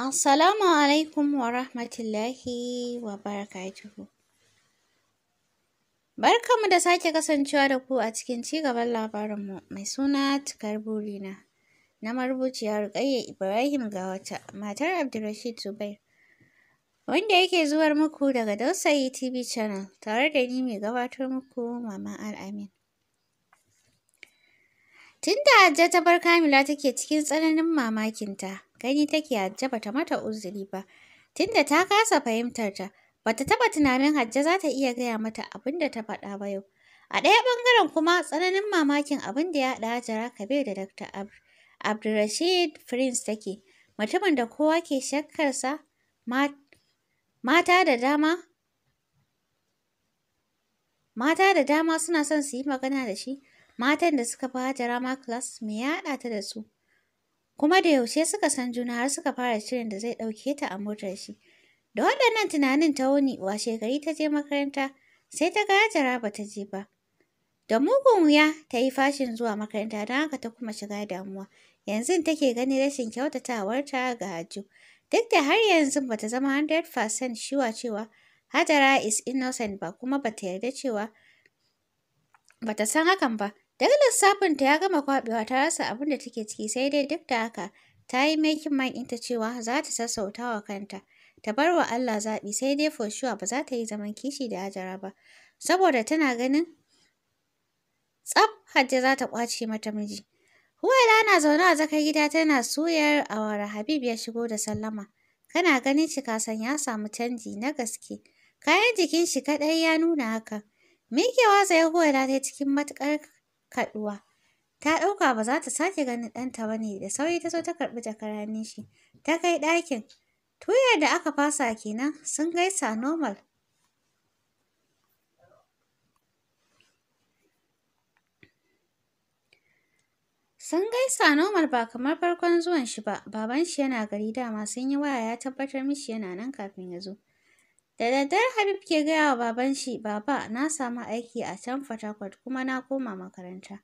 Assalamu alaikum wa rahmatullahi wa barakatuhu. Barkanmu da sake kasancewa da ku a cikin ci cigaban labarinmu mai suna tukar burina na marubuciya Rukayya Ibrahim ga wata matar Abdulrashid Zubair wanda yake zuwar muku daga Dausayi TV channel tare da ni mai gabatar muku Mama Al'amin. Tun da Hajja ta bar Kamila take cikin tsananin mamakinta. gani take Hajja bata mata uzuri ba. Tunda ta kasa fahimtar ta, bata taba tunanin Hajja za ta iya gaya mata abin da ta faɗa ba yau. A ɗaya ɓangaren kuma tsananin mamakin abin da ya da Hajara Kabir da Dr. Abdulrashid Prince take, mutumin da kowa ke shakkarsa mata da dama Mata da dama suna son su yi magana da shi, matan da suka fi Hajara ma class me ya haɗa ta da su? kuma da yaushe suka san juna har suka fara shirin da zai ɗauke ta a motar shi. Da waɗannan tunanin ta wuni washe gari ta je makaranta sai ta ga Hajara ba ta je ba. Da mugun wuya ta yi fashin zuwa makaranta don haka ta kuma shiga damuwa. Yanzu take gani rashin kyautatawarta ga Hajju. Duk da har yanzu bata ta zama 100% shiwa cewa Hajara is innocent ba kuma ba ta yarda cewa ba san hakan ba. Daga lissafinta ya gama kwaɓewa ta rasa abin da take ciki sai dai duk da haka ta yi makin mind ɗinta cewa za ta sassauta wa kanta. Ta bar wa Allah zaɓi sai dai for sure ba za ta yi zaman kishi da Hajara ba. Saboda tana ganin tsaf Hajja za ta ƙwace mata miji. Huwaila na zaune a tsakar gida tana suyar awara Habib ya shigo da sallama. Kana ganin shi kasan ya samu canji na gaske. Kayan jikin shi kaɗai ya nuna haka. Mikewa zai Huwaila ta cikin matuƙar kaɗuwa. Ta ɗauka ba za ta sake ganin ɗanta ba ne da sauri ta zo ta karɓi jakar hannun shi. Ta kai ɗakin. Tuyar da aka fasa kenan sun gaisa normal. Sun gaisa normal ba kamar farkon zuwan shi ba, baban shi yana gari dama sun yi waya ya tabbatar mishi yana nan kafin ya zo. Da daddare Habib ke gaya wa baban shi, Baba, na samu aiki a can Fatakwat kuma na koma makaranta.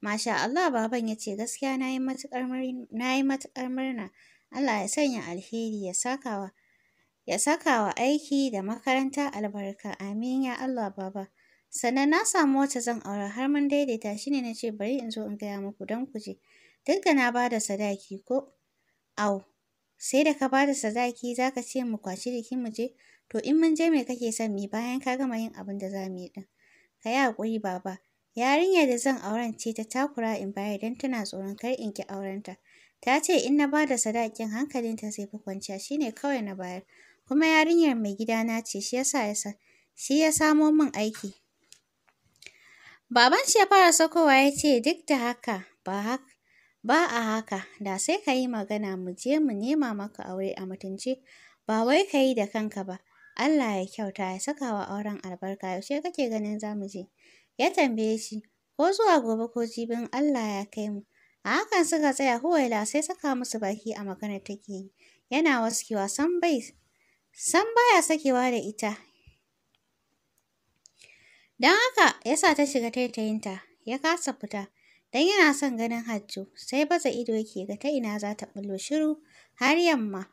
Masha Allah, baban ya ce gaskiya na yi matuƙar murna. Allah ya sanya alheri ya sakawa ya sakawa aiki da makaranta albarka. Amin ya Allah, Baba. Sannan na samu wata zan aura har mun daidaita shi ne na ce bari in zo in gaya muku don ku je. Duk da na ba da sadaki ko au sai da ka ba da sadaki za ka ce mu kwaci jikin mu je to in mun je me kake son mi bayan ka gama yin abin da za mu yi din ka yi haƙuri baba yarinyar da zan auren ce ta takura in bayar don tana tsoron kar in ki aurenta ta ce in na ba da sadakin ta zai fi kwanciya shine kawai na bayar kuma yarinyar mai gidana ce shi yasa yasa shi ya samo min aiki baban shi ya fara sakowa ya ce duk da haka ba haka Ba a haka, da sai ka yi magana mu je mu nema maka aure a mutunce, ba wai ka yi da kanka ba. Allah ya kyauta ya saka wa auren albarka yaushe kake ganin za mu je? Ya tambaye shi, ko zuwa gobe ko jibin Allah ya kai mu. A hakan suka tsaya huwaila sai saka musu baki a maganar take yi. Yana waskewa san bai san baya sakewa da ita. Don haka ya sa ta shiga taitayinta, ya kasa fita. Dan yana son ganin Hajjo, sai baza ido yake ga ta ina za ta bullo shiru har yamma.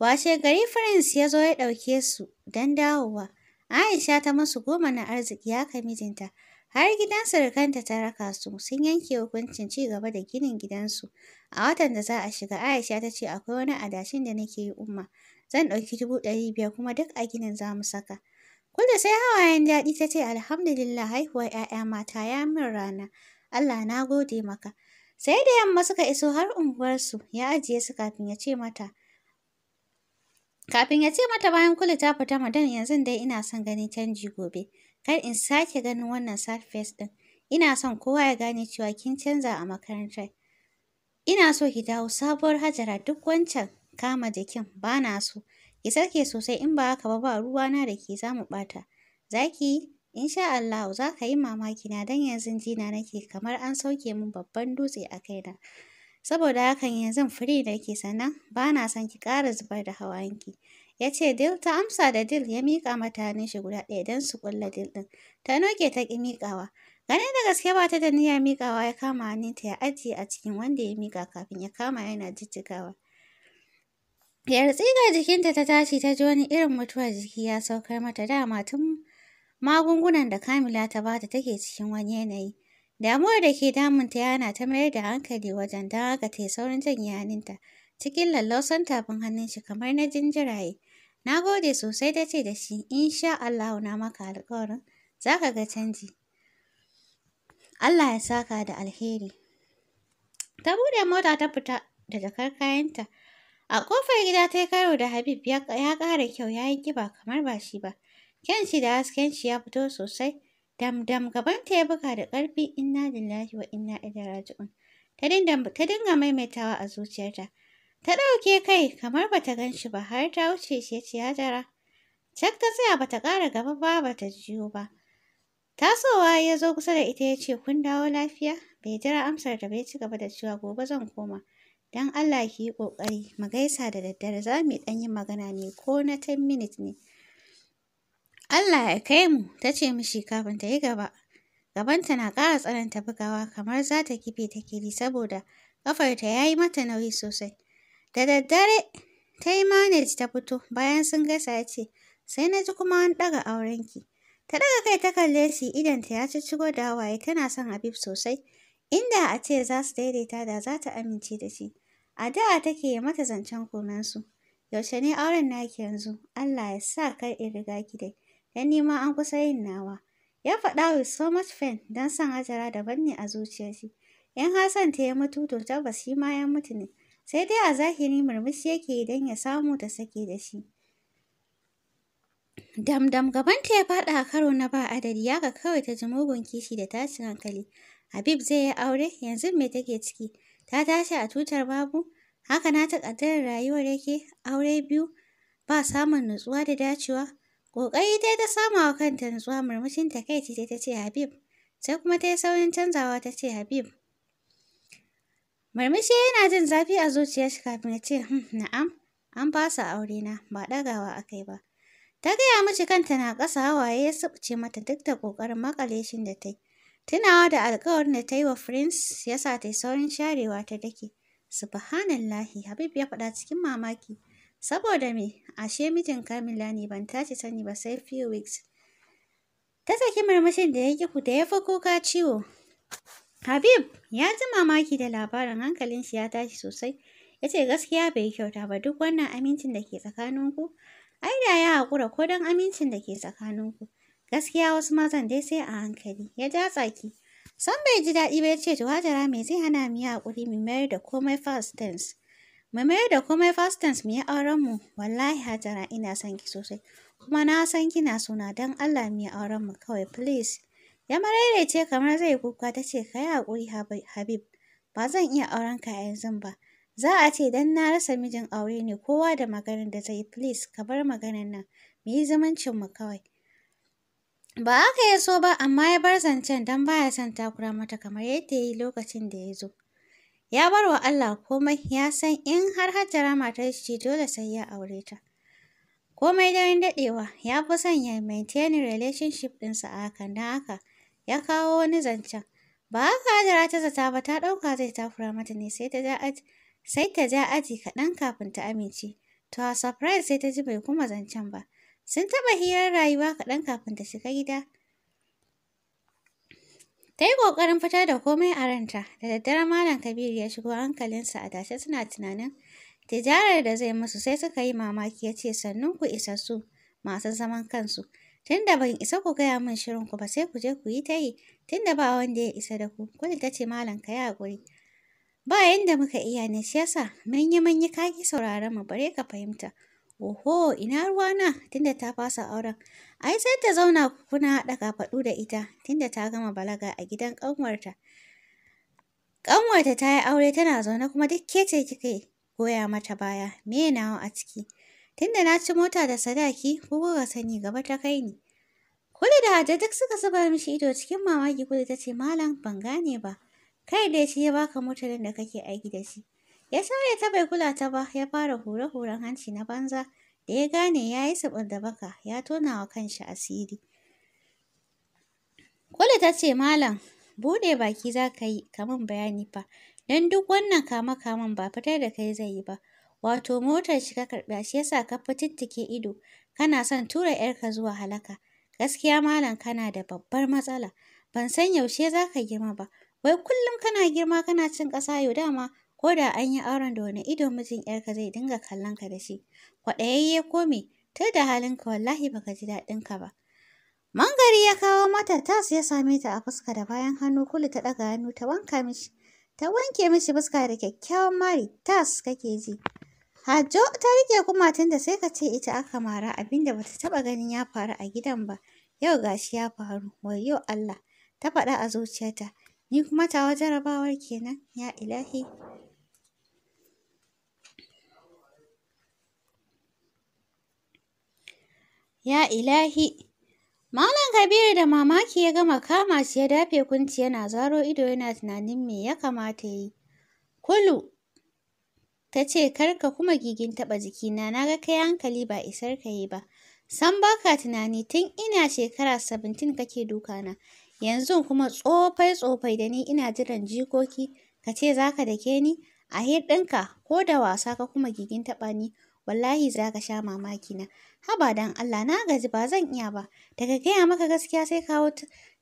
Washe gari Prince ya zo ya ɗauke su don dawowa. Aisha ta masu goma na arziki haka mijinta, har gidan surukanta ta raka su, sun yanke hukuncin ci gaba da ginin gidansu. A watan da za a shiga, Aisha ta ce akwai wani adashin da nake yi umma, zan ɗauki dubu ɗari biyar kuma duk a ginin za mu saka. Kuda sai hawayen daɗi ta ce alhamdulillah haihuwar ‘ya'ya mata ya min rana. Allah na gode maka. Sai da yamma suka iso har unguwarsu ya ajiye su kafin ya ce mata. Kafin ya ce mata bayan kula ta fita madan yanzu dai ina son ganin canji gobe. Kar in sake ganin wannan surface ɗin. Ina son kowa ya gane cewa kin canza a makarantar. Ina so ki dawo sabuwar hajara duk wancan kama jikin ba na so. Ki sarke sosai in ba haka ba ba ruwana da ke za mu ɓata. Za ki Insha Allah za ka yi mamaki na don yanzu jina nake kamar an sauke min babban dutse a kaina. Saboda hakan yanzu firi nake sannan ba na son ki ƙara zubar da hawayenki. Ya ce Dil ta amsa da Dil ya miƙa mata hannun shi guda ɗaya don su ƙulla Dil ɗin. Ta noke ta ƙi miƙawa. Ganin da gaske ba ta da niyyar miƙawa ya kama hannunta ya ajiye a cikin wanda ya miƙa kafin ya kama yana jijjigawa. Yar tsigar jikinta ta tashi ta ji wani irin mutuwar jiki ya saukar mata dama tun Magungunan da Kamila ta bata take cikin wani yanayi. Damuwar da ke damunta yana ta mayar da hankali wajen don haka ta saurin janye hannunta cikin lallausan tafin hannun shi kamar na jinjiraye. Na gode sosai ta ce da shi, insha Allahu na maka alƙawarin za ka ga canji. Allah ya saka da alheri. Ta buɗe mota ta fita da jakar kayanta. A ƙofar gida ta yi karo da Habib ya ƙara kyau ya yi ƙiba kamar ba shi ba. Kyanshi da haskenshi ya fito sosai. Damdam gabanta ya buga da ƙarfi inna lillahi wa inna ilaihi raji'un. Ta dinga maimaitawa a zuciyarta. Ta ɗauke kai kamar bata ganshi ba har ta wuce shi ya ce Hajara. Cak ta tsaya bata ƙara gaba ba bata jiyo ba. Tasowa ya zo kusa da ita ya ce kun dawo lafiya? Bai jira amsar da bai ci gaba da cewa gobe zan koma. dan Allah ki yi ƙoƙari mu gaisa da daddare za mu ɗan yin magana ne ko na 10 minutes ne. Allah ya kai mu, ta ce mishi kafin ta yi gaba. Gabanta na ƙara tsananta bugawa kamar za ta kife ta kiri saboda ƙafarta ya yi mata nauyi sosai. Da daddare, ta yi manage ta fito bayan sun gasa ya ce, sai na ji kuma an ɗaga aurenki. Ta ɗaga kai ta kalle shi idanta ya ci cigo da hawaye tana son Habib sosai. Inda a ce za su daidaita da za ta amince da shi. A da take mata zancen komansu. Yaushe ne auren naki yanzu? Allah ya sa kar in riga ki dai. yan nima an kusa yin nawa. Ya faɗa with so much pain don son Hajara daban ne a zuciyar shi. In Hassan ta ya mutu to tabbas shi ma ya mutu ne. Sai dai a zahiri murmushi yake idan ya samu ta sake da shi. Damdam gabanta ya faɗa a karo na ba adadi ya ga kawai ta ji mugun kishi da tashin hankali. Habib zai yi aure yanzu me take ciki? Ta tashi a tutar babu? Haka na taƙaddarar rayuwar yake aure biyu ba samun nutsuwa da dacewa. Ƙoƙari dai ta samu wa kanta nutsuwa murmushin takaici kai ta ce Habib, sai kuma ta yi saurin canzawa ta ce Habib. Murmushi yana jin zafi a shi kafin ya ce, hmm, na'am, an fasa na ba ɗagawa akai ba. Ta gaya mace kanta na ƙasa waye ya subce mata duk da ƙoƙarin shin da ta yi. Tunawa da alƙawarin da ta yi wa Prince ya sa ta yi saurin sharewa ta dake. Subhanallahi, Habib ya faɗa cikin mamaki. Saboda me, ashe mijin Kamila ne ban tashi sani ba sai few weeks. Ta saki marmashin da ya ƙi da ya fi kuka ciwo. Habib ya ji mamaki da labarin hankalin shi ya tashi sosai. Ya ce gaskiya bai kyauta ba duk wannan amincin da ke tsakanin ku Ai da ya haƙura ko don amincin da ke tsakanin ku Gaskiya wasu mazan dai sai a hankali. Ya ja tsaki. San bai ji daɗi ba ya ce to Hajara me zai hana mu yi haƙuri mu mayar da komai first tense. Mu mayar da komai first tense mu yi aurenmu. Wallahi Hajara ina son ki sosai. Kuma na san kina suna don Allah mu yi aurenmu kawai please. Ya ce kamar zai kuka ta ce ka yi haƙuri Habib. Ba zan iya auren ka yanzu ba. Za a ce dan na rasa mijin aure ne kowa da maganar da zai please ka bar maganar nan. Mu yi mu kawai. Ba aka yi so ba amma ya bar zancen don baya son takura mata kamar yadda ya yi lokacin da ya zo. Ya bar wa Allah komai ya san in har Hajara matar shi dole sai ya aure ta. Komai daren daɗewa ya fi son ya maintain relationship ɗinsa a hakan don haka ya kawo wani zancen. Ba haka hajjara ta zata ba ta ɗauka zai takura mata ne sai ta ja sai ta ja aji kaɗan kafin ta amince. To a surprise sai ta ji bai kuma zancen ba. Sun taɓa hirar rayuwa kaɗan kafin ta shiga gida. Ta yi ƙoƙarin fita da komai a ranta, da daddare Malam Kabiru ya shigo hankalinsa a tashe suna tunanin tijarar da zai musu sai suka yi mamaki ya ce sannu ku isa su masu zaman kansu. Tunda ban isa ku gaya min shirin ku ba sai ku je ku yi ta yi, tunda ba wanda ya isa da ku, kuli ta ce Malam ka yi haƙuri. Ba yanda muka iya ne shi yasa mun yi mun yi kaki sauraron mu bare ka fahimta. Oho ina ruwana tunda ta fasa auren. Ai sai ta zauna kuna haɗa kafaɗu da ita tunda ta gama balaga a gidan ƙanwarta. Ƙanwarta ta yi aure tana zaune kuma duk ke ce kika goya mata baya me nawa a ciki. Tunda na ci mota da sadaki ko kuka sani gaba ta kai ni. Kulu da Hajja duk suka zuba mishi ido cikin mamaki Kulu ta ce malam ban gane ba. Kai dai shi ya baka motarin da kake aiki da shi. Ya sare ta bai kula ta ba ya fara hure-huren hanci na banza. da ya gane ya yi saɓar da baka ya tona wa kanshi asiri. Kwale ta ce malam Bude baki za ka yi kamun bayani fa don duk wannan kama kaman ba fitar da kai zai yi ba. Wato motar shi ka karɓa shi yasa ka fitittike ido kana son tura ‘yarka zuwa halaka. Gaskiya malam kana da babbar matsala ban san yaushe za ka girma ba. Wai kullum kana girma kana cin ƙasa yau dama ko da an yi auren da wani ido mijin ‘yarka zai dinga kallon ka da shi. kwaɗayayye ko me, tai da halinka wallahi baka ji daɗin ka ba. Mangari ya kawo mata tas ya same ta a fuska da bayan hannu kulu ta ɗaga hannu ta wanka mishi. Ta wanke mishi fuska da kyakkyawan mari tas kake ji. Hajo ta rike kumatun da sai ka ce ita aka mara abin da bata taɓa ganin ya faru a gidan ba. Yau gashi ya faru, wai yau Allah, ta faɗa a zuciyarta. Ni kuma tawa jarabawar kenan, ya ilahi. Ya ilahi! Malam Kabiru da mamaki ya gama kama shi ya dafe kunci yana zaro ido yana tunanin me ya kamata yi. Kulu ta ce karka kuma gigin taɓa jikina na ga kai hankali ba isar ka yi ba. San baka tunani tun ina shekara sabintin kake dukana, yanzu kuma tsofai-tsofai da ni ina jiran jikoki, ka ce za ka dake ni, a hirɗinka ko da wasa ka kuma gigin taɓa ni, wallahi za ka sha mamaki na. haba dan Allah na gaji ba zan iya ba daga gaya maka gaskiya sai kawo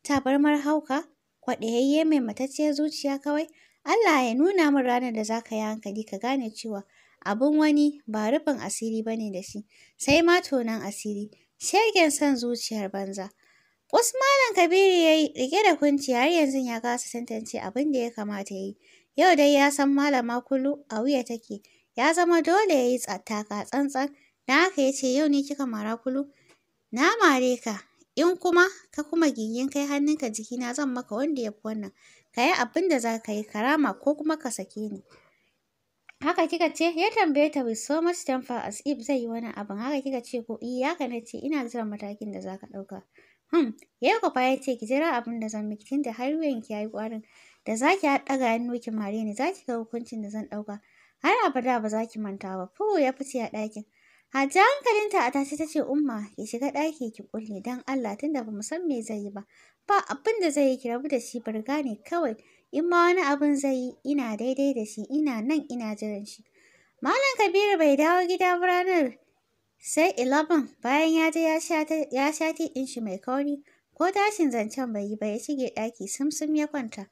tabarmar hauka kwaɗayayye mai matacciyar zuciya kawai Allah ya nuna min ranar da zaka yi hankali ka gane cewa Abun wani ba rufin asiri bane da shi sai ma tonan asiri shegen son zuciyar banza Usmanin Kabiru ya yi rike da kunci har yanzu ya kasa tantance abin da ya kamata ya yi. Yau dai ya san malama kullu a wuya take, ya zama dole ya yi tsattaka tsantsan Na haka ya ce yau ne kika mara kulu? Na mare ka, in kuma ka kuma gigin kai hannunka jikina zan maka wanda ya fi wannan. Ka yi abin da za ka yi karama ko kuma ka sake ni. Haka kika ce, ya tambaye ta with so much temper as if zai yi wani abin. Haka kika ce ko iya eh, haka na ce ina jiran matakin da za ka ɗauka. Hmm, yi kwafa ya ce ki jira abin da zan miki tunda har wuyanki ya yi ƙwarin. Da za ki haɗaga hannu ki mare ni za ki ga hukuncin da zan ɗauka. Har abada ba za ki manta ba. Fuhu ya fice a ɗakin. Hajja hankalinta a tashi ta ce umma ki shiga ɗaki ki ƙulle, don Allah tunda ba mu san me zai yi ba. Ba abin da zai yi ki rabu da shi bari ne kawai. In ma wani abin zai yi ina daidai da shi ina nan ina jiran shi. Malam Kabiru bai dawo gida ba ranar sai 11 bayan ya je ya sha ɗin shi mai kauri ko tashin zancen bai yi ba ya shige ɗaki sumsum ya kwanta.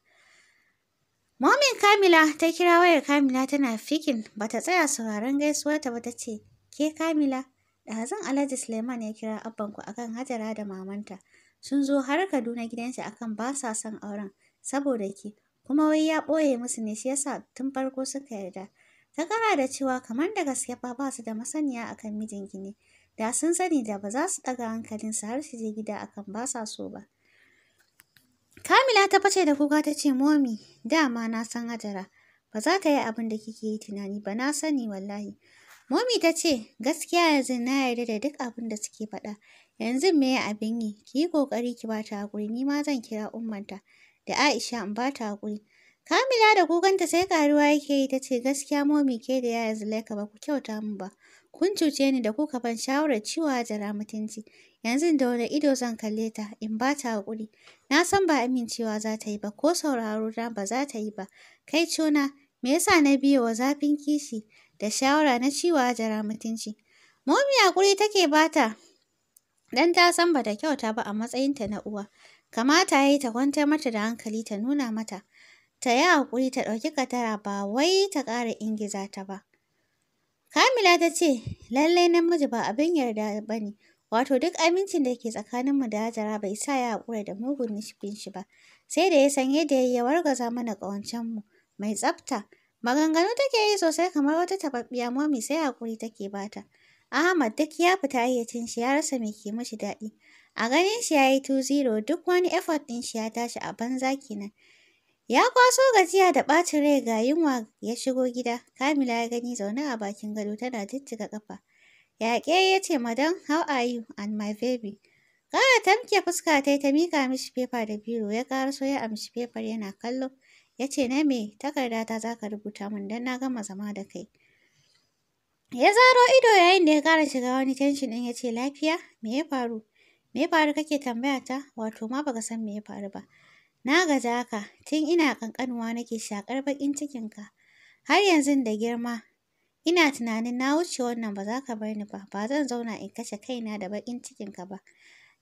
Momin Kamila ta kira wayar Kamila tana fikin bata tsaya sauraron gaisuwarta ba ta ce Ke Kamila, Da ɗazun Alhaji Suleiman ya kira abbanku akan Hajara da mamanta. Sun zo har Kaduna gidansa akan ba sa son auren saboda ke, kuma wai ya ɓoye musu ne shi yasa tun farko suka yarda. Ta kara da cewa kamar da gaske fa ba su da masaniya akan mijinki ne. Da sun sani da ba za su ɗaga su har su je gida akan ba sa so ba. Kamila ta bace da kuka ta ce momi dama na san Hajara ba za ta yi abin da kike yi tunani ba na sani wallahi Momi ta ce, gaskiya yanzu na yarda da duk abin da suke faɗa. Yanzu me ya abin yi? Ki yi ƙoƙari ki bata ta haƙuri, ni ma zan kira ummanta da Aisha in bata ta haƙuri. Kamila da kukanta sai ƙaruwa yake yi ta ce gaskiya momi ke da yaya Zulaika ba ku kyauta mu ba. Kun cuce ni da kuka ban shawarar ciwa jara mutunci. Yanzu da wani ido zan kalle ta in bata ta haƙuri. Na san ba amincewa za ta yi ba ko sauraro na ba za ta yi ba. Kai cona, me yasa na biyo wa zafin kishi? da shawara na ciwa Hajara mutunci. Momi hakuri take bata dan ta san bata kyauta ba a matsayinta na uwa. Kamata yayi ta kwantar mata da hankali ta nuna mata ta yi hakuri ta ɗauki katara ba wai ta kara ingiza ta ba. Kamila ta ce lallai namiji ba abin yarda ba ne wato duk amincin da ke tsakanin mu da Hajara bai sa ya haƙura da mugun nufin shi ba sai da ya san yadda ya wargaza mana mu mai tsafta. Maganganu take yi sosai kamar wata taɓaɓɓiya momi sai hakuri take bata. Ahmad duk ya fita ayyacin shi ya rasa me ke mashi daɗi. A ganin shi ya yi tu-zero, duk wani effort ɗin shi ya tashi a banza kenan. Ya kwaso gajiya da ɓacin rai ga yunwa ya shigo gida. Kamila ya gani zaune a bakin gado tana jijjiga ƙafa. Yaƙe ya ce madam how are you and my baby. kara tamke fuska ta ta mika mishi fefa da biro ya karaso ya amshi fefar yana kallo. Ya ce, na me, takardata za ka rubuta min don na gama zama da kai. Ya zaro ido yayin da ya kara shiga wani tension ɗin ya ce, lafiya, me ya faru? Me ya faru kake tambaya ta? Wato ma baka san me ya faru ba. Na gaza ka, tun ina kankanuwa nake shakar baƙin cikinka. Har yanzu da girma, ina tunanin na wuce wannan ba za ka bar ni ba, ba zan zauna in kashe kaina da bakin cikin ka ba.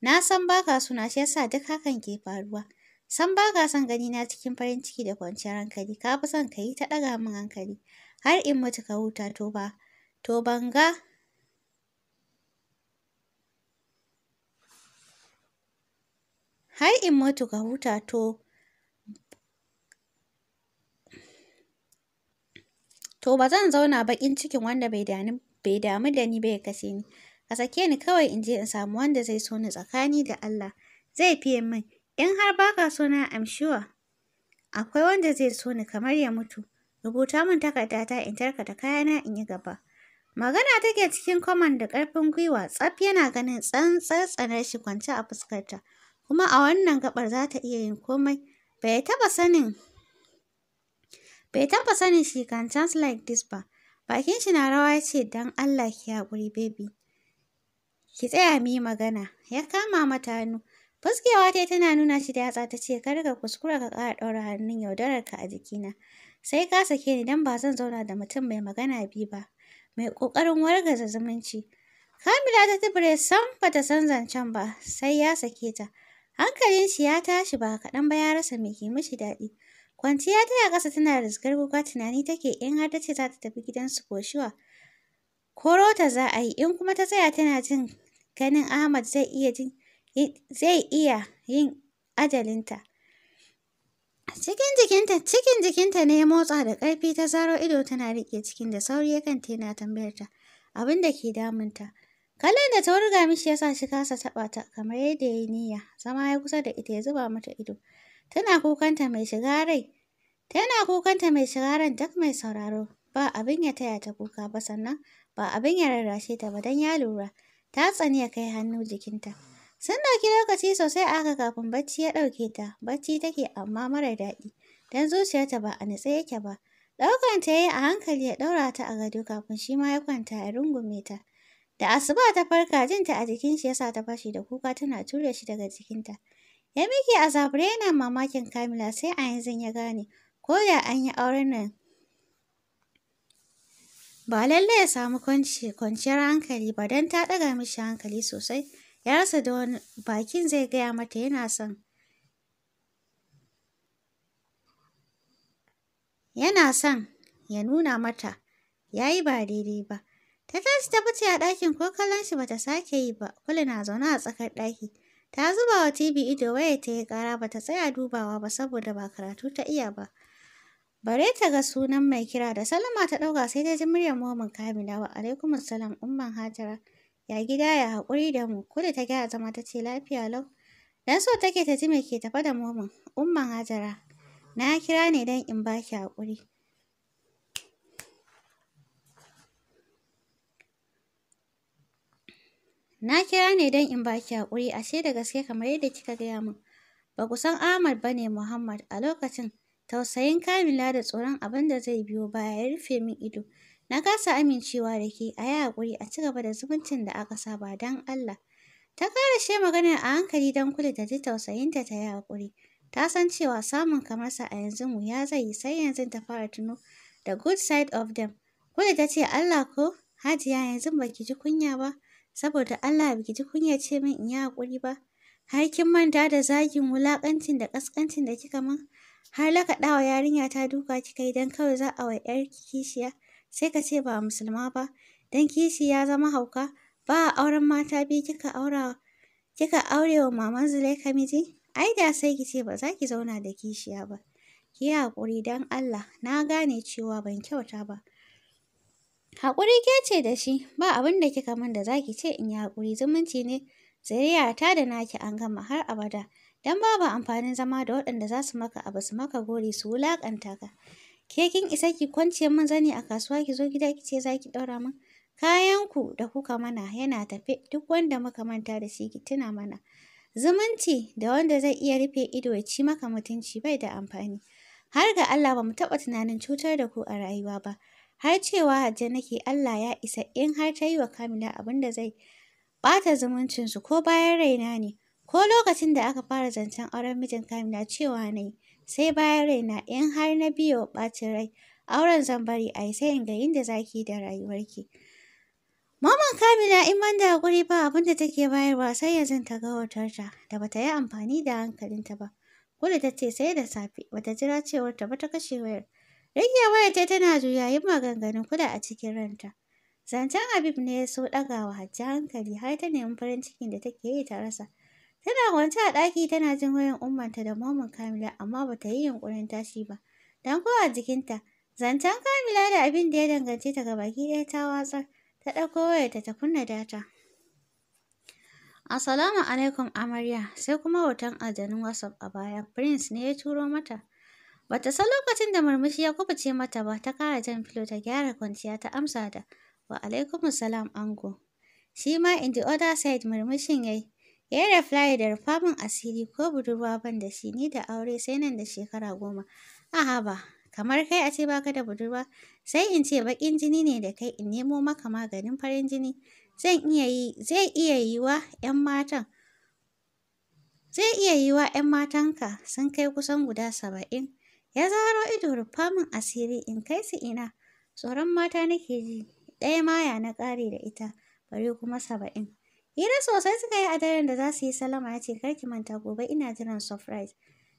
Na san baka suna shi yasa duk hakan ke faruwa. San ba ka son gani na cikin farin ciki da kwanciyar hankali, ka fi son ka yi ta ɗaga min hankali, har in mutu ka huta to ba, to ban Har in mutu ka huta to, to ba zan zauna bakin cikin wanda bai damu da ni bai kashe ni. Ka sake ni kawai in je in samu wanda zai so ni tsakani da Allah, zai fiye min. In har baka so na am sure, akwai wanda zai so ni kamar ya mutu. Rubuta min takardata in tarka da kayana in yi gaba. Magana take cikin kwaman da ƙarfin gwiwa tsaf yana ganin tsantsar tsanar shi kwance a fuskarta. Kuma a wannan gabar za ta iya yin komai. Bai taɓa sanin Bai taba sanin shi kan chance like this ba. Bakin shi na rawa ya ce, dan Allah ki haƙuri, baby. Ki tsaya mu yi magana. Ya kama mata hannu. Fuskewa ta tana nuna shi da yatsa ta ce, Ka riga kuskura ka ƙara ɗaura hannun yaudararka a jikina. Sai ka sake ni don ba zan zauna da mutum mai magana biyu ba, mai ƙoƙarin wargaza zumunci. Kamila ta tubure sam ba ta san zancen ba, sai ya sake ta. Hankalin shi ya tashi ba kaɗan ba ya rasa mai ke mishi daɗi. Kwanciya ta ƙasa tana da rizgar kuka tunani take in har ta ce za ta tafi gidan su koshiwa. Koro ta za a yi in kuma ta tsaya tana jin ganin Ahmad zai iya jin zai iya yin ajalinta. Cikin jikinta, cikin jikinta ne ya motsa da ƙarfi ta zaro ido tana riƙe cikin da sauri yakan tena tambayar ta abin da ke damunta. Kallon da ta wurga mishi ya sa shi kasa taɓa ta kamar yadda ya yi niyya, zama ya kusa da ita ya zuba mata ido. Tana kukanta mai shiga rai, tana kukanta mai shiga ran duk mai sauraro, ba abin ya taya ta kuka ba sannan ba abin ya rarrashe ta ba don ya lura, ta tsani ya kai hannu jikinta. Sun ɗauki lokaci sosai a haka kafin bacci ya ɗauke ta. Bacci take amma mara daɗi, don zuciyarta ba a nutse yake ba. ɗaukan ta yi a hankali ya ɗaura ta a gado kafin shi ma ya kwanta ya rungume ta. Da asuba ta farka jinta a jikin shi yasa ta fashi da kuka tana ture shi daga jikinta. Ya miƙe a zabure yana mamakin Kamila sai a yanzu ya gane ko da an yi auren nan ba lallai ya samu kwanciyar hankali ba don ta ɗaga mishi hankali sosai. ya rasa da wani bakin zai gaya mata yana son yana son ya nuna mata ya yi ba daidai ba ta tashi ta fice a ɗakin ko kallon shi bata sake yi ba kula na zaune a tsakar ɗaki ta zuba wa tv ido waya ta yi ƙara bata tsaya dubawa ba saboda ba karatu ta iya ba bare ta ga sunan mai kira da salama ta ɗauka sai ta ji muryar momin kamilawa wa alaikum salam umman hajara ya gida ya haƙuri da mu ko da ta gaya zama ta ce lafiya lau dan so take ta ji me ke tafa da momin umman hajara na kira ne dan in ki haƙuri na kira ne dan in ki haƙuri ashe da gaske kamar yadda kika gaya min ba ku san Ahmad ba ne Muhammad a lokacin tausayin Kamila da tsoron abin da zai biyo baya ya rufe min ido Na kasa amincewa da ke a yi haƙuri a ci gaba da zumuncin da aka saba don Allah. Ta shi maganar a hankali don kula da ji tausayinta ta yi haƙuri. Ta san cewa samun kamarsa a yanzu ya zai yi sai yanzu ta fara tuno the good side of them. Kula ta ce Allah ko Hajiya yanzu baki ji kunya ba saboda Allah baki ji kunya ce min in yi haƙuri ba. Har kin manta da zagin wulakancin da ƙasƙancin da kika min har lakaɗawa yarinya ta duka kika yi don kawai za a wa ‘yar kishiya. sai ka ce ba musulma ba, don kishi ya zama hauka, ba a auren mata biyu kika aura kika aure wa maman Zulaika miji, ai da sai ki ce ba za ki zauna da kishiya ba. Ki yi haƙuri don Allah, na gane cewa ban kyauta ba. Haƙuri ke ce da shi, ba abin da kika min da za ki ce in yi haƙuri zumunci ne, ta da naki an gama har abada. don babu amfanin zama da waɗanda za su maka abu su maka gori su wulaƙanta ka Ke kin isa ki kwance min zani a kasuwa ki zo gida ki ce za ki ɗaura min? Kayanku da kuka mana yana tafe duk wanda muka manta da shi ki tuna mana. Zumunci da wanda zai iya rufe ido ya ci maka mutunci bai da amfani. Har ga Allah ba mu taɓa tunanin cutar da ku a rayuwa ba. Har cewa hajja nake Allah ya isa in har ta yi wa Kamila abin da zai ɓata zumuncinsu ko bayan raina ne. Ko lokacin da aka fara zancen auren mijin Kamila cewa na yi, sai bayan raina in har na biyo ɓacin rai auren zan bari a yi sai in ga inda zaki da rayuwarki. Maman Kamila in man da hakuri ba abin da take bayarwa sai yanzu ta ga ta, da bata yi amfani da hankalinta ba. Kula ta ce sai da safe bata jira cewar ta ta kashe wayar. Rage wayar ta tana juya, yin maganganun kuda a cikin ranta. Zancen Habib ne ya so ɗagawa Hajji hankali har ta nemi farin cikin da take yi ta rasa. Tana kwance a ɗaki tana jin wayan ummanta da maman Kamila amma bata yi yunƙurin tashi ba. Dan kowa jikinta, zancen Kamila da abin da ya dangance ta baki ɗaya ta watsar, ta ɗauko wayarta ta kunna data. Assalamu alaikum amarya, sai kuma hoton aljanun WhatsApp a baya, Prince ne ya turo mata. Bata san lokacin da murmushi ya kubuce mata ba, ta kara jan filo ta gyara kwanciya ta amsa da wa alaikumus salam ango. Shi ma in the other side murmushin yayi. Ya yi reply da rufamin asiri ko budurwa ban da shi ni da aure sai nan da shekara goma. Aha ba, kamar kai a ce baka da budurwa, sai in ce bakin jini ne da kai in nemo maka maganin farin jini. Zan iya yi, zai iya yiwa 'yan matan. Zai iya wa 'yan matanka sun kai kusan guda saba'in. Ya zaro ido rufafin asiri in kai su ina. Tsoron mata nake ji, ɗaya maya na ƙare da ita, bari kuma saba'in. Hira sosai suka yi a daren da za su yi salama ya ce kar ki manta gobe ina jiran surprise.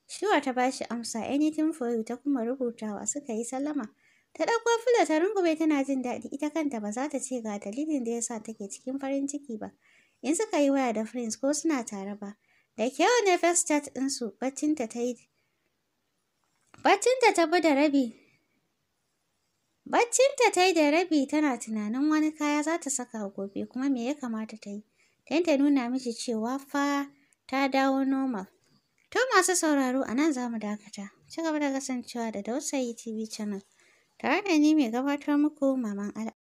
Shuwa ta ba shi amsa anything for you ta kuma rubutawa suka yi salama. Ta ɗauko fulo ta rungume tana jin daɗi ita kanta ba za ta ce ga dalilin da ya sa take cikin farin ciki ba. In suka yi waya da friends ko suna tare ba. Da kyau ne first chat ɗinsu baccinta ta yi. Baccinta ta bi da rabi Baccinta ta yi da rabi tana tunanin wani kaya za ta saka gobe kuma me ya kamata ta yi. don ta nuna miki cewa fa ta dawo normal. To masu sauraro a nan za mu dakata. Ci gaba da kasancewa da Dausayi TV channel. Tare da ni mai gabatar muku Maman Al'a.